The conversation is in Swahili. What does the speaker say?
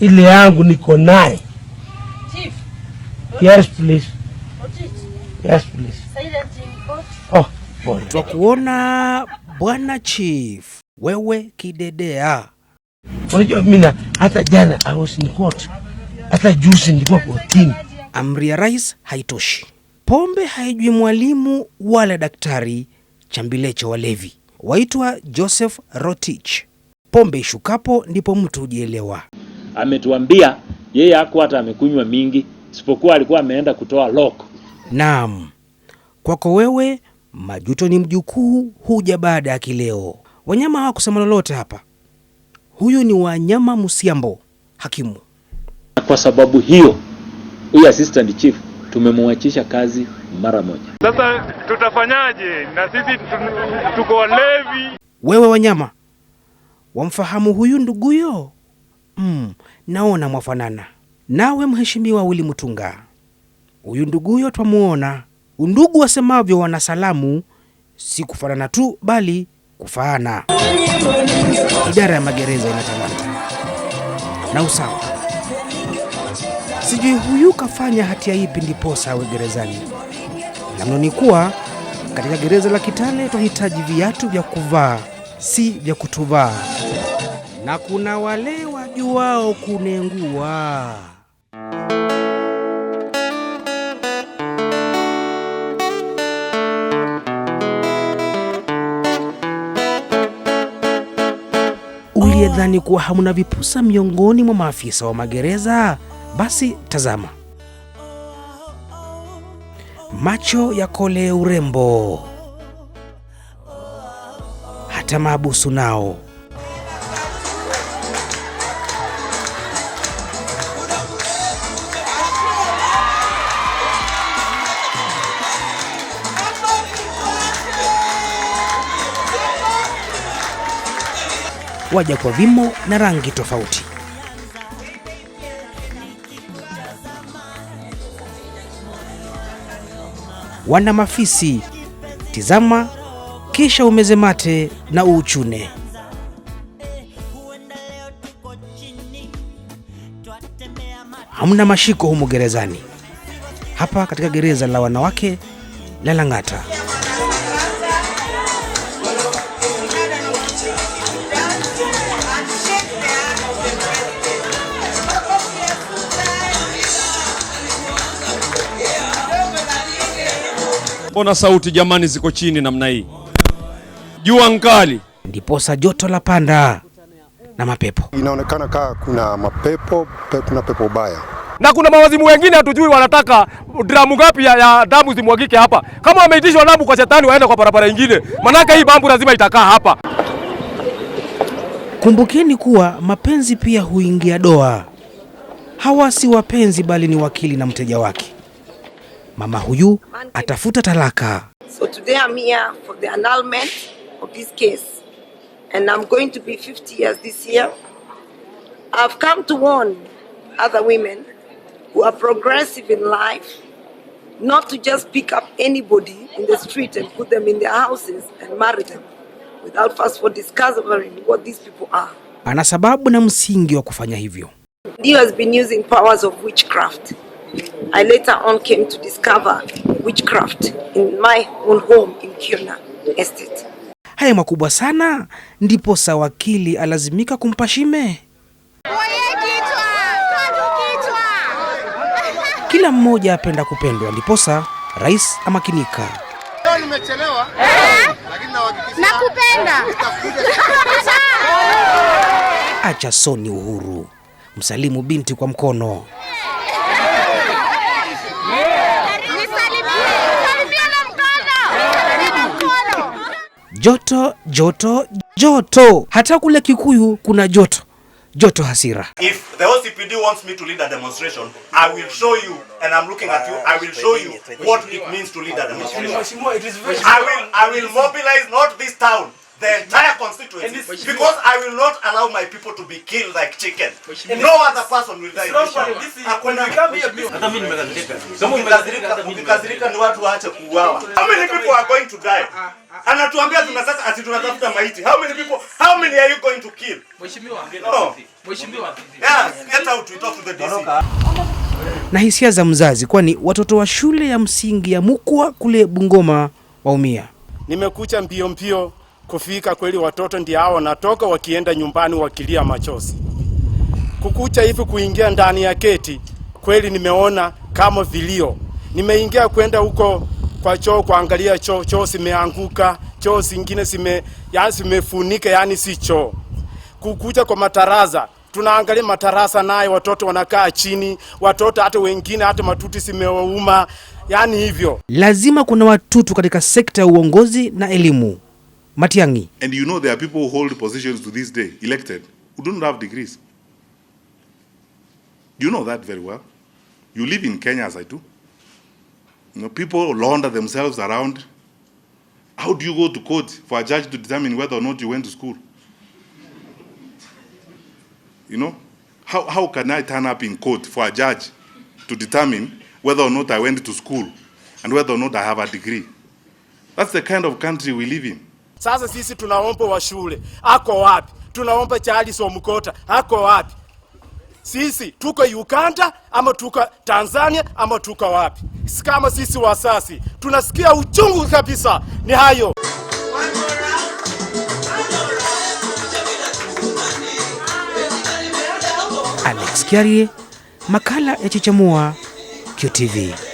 ile yangu niko naye. Yes, please. Yes, please. Oh, twakuona bwana chief, wewe kidedea. Unajua mina hata jana I was in court. Hata juzi nilikuwa kotini. Amri ya rais haitoshi. Pombe haijui mwalimu wala daktari, chambile cha walevi waitwa Joseph Rotich. Pombe ishukapo ndipo mtu hujielewa ametuambia yeye hakuwa hata amekunywa mingi, isipokuwa alikuwa ameenda kutoa lock. Naam, kwako wewe Majuto ni mjukuu, huja baada ya kileo. Wanyama hawakusema lolote hapa. Huyu ni wanyama Musiambo, hakimu. Kwa sababu hiyo, huyu assistant chief tumemwachisha kazi mara moja. Sasa tutafanyaje? Na sisi tuko walevi. Wewe wanyama, wamfahamu huyu nduguyo? Mm, naona mwafanana nawe Mheshimiwa Wili Mutunga, huyu nduguyo twamuona undugu wasemavyo wanasalamu, si kufanana tu bali kufaana. Idara ya magereza ina na usawa. Sijui huyu kafanya hatia ipi ndiposa awe gerezani. Namno ni kuwa katika gereza la Kitale twahitaji viatu vya kuvaa, si vya kutuvaa na kuna wale wajuao kunengua. Uliyedhani kuwa hamna vipusa miongoni mwa maafisa wa magereza, basi tazama, macho ya kole urembo, hata maabusu nao waja kwa vimo na rangi tofauti. Wana mafisi, tizama kisha umeze mate na uuchune. Hamna mashiko humu gerezani. Hapa katika gereza la wanawake la Lang'ata. mbona sauti jamani ziko chini namna hii, jua nkali, ndiposa joto la panda na mapepo. Inaonekana kaa kuna mapepo, kuna pepo baya na kuna mawazimu wengine hatujui wanataka dramu ngapi ya, ya damu zimwagike hapa. Kama wameitishwa damu kwa shetani, waenda kwa barabara nyingine, manake hii bambu lazima itakaa hapa. Kumbukeni kuwa mapenzi pia huingia doa. Hawa si wapenzi bali ni wakili na mteja wake mama huyu atafuta talaka. So today I'm here for the annulment of this case and I'm going to be 50 years this year. I've come to warn other women who are progressive in life not to just pick up anybody in the street and put them in their houses and marry them without first for discovering what these people are. Ana sababu na msingi wa kufanya hivyo. He has been using powers of witchcraft. I later on came to discover witchcraft in my own home in Kiona Estate. Haya makubwa sana, ndipo sa wakili alazimika kumpa shime. Kila mmoja apenda kupendwa, ndiposa rais amakinika. Leo Nimechelewa eh? lakini nawahakikisha nakupenda. Acha soni. Uhuru msalimu binti kwa mkono. joto joto joto. Hata kule Kikuyu kuna joto joto hasira. If the OCPD wants me to lead a demonstration, I will show you and I'm looking at you. I will show you what it means to lead a demonstration. I will, I will mobilize not this town the entire constituency because I will not allow my people to be killed like chicken. No other person will die. Ukikasirika ni watu waache kuuawa. How many people are going to die? Ah, ah, ah, Anatuambia tunataka ati tunatafuta maiti. How many people, how many are you going to kill? Mheshimiwa. No. Mheshimiwa. Yeah, get out we talk to the DC. Na hisia za mzazi kwani watoto wa shule ya msingi ya Mukwa kule Bungoma waumia. Nimekucha mbio mbio kufika kweli, watoto ndio hao wanatoka wakienda nyumbani wakilia machozi. Kukucha hivi kuingia ndani ya keti, kweli nimeona kama vilio. Nimeingia kwenda huko kwa choo kuangalia choo, choo simeanguka, choo zingine sime yani simefunika, yani si choo. Kukucha kwa mataraza tunaangalia matarasa naye watoto wanakaa chini, watoto hata wengine hata matuti simewauma, yani hivyo. Lazima kuna watutu katika sekta ya uongozi na elimu. Matiangi. And you know there are people who hold positions to this day, elected, who don't have degrees. You know that very well. You live in Kenya as I do. You know, people launder themselves around. How do you go to court for a judge to determine whether or not you went to school? You know, how, how can I turn up in court for a judge to determine whether or not I went to school and whether or not I have a degree? That's the kind of country we live in. Sasa sisi tunaomba wa shule ako wapi? Tunaomba chali somkota ako wapi? Sisi tuko Uganda ama tuko Tanzania ama tuko wapi? Kama sisi wasasi tunasikia uchungu kabisa. Ni hayo Alex Kiarie, makala ya Chichamua, QTV.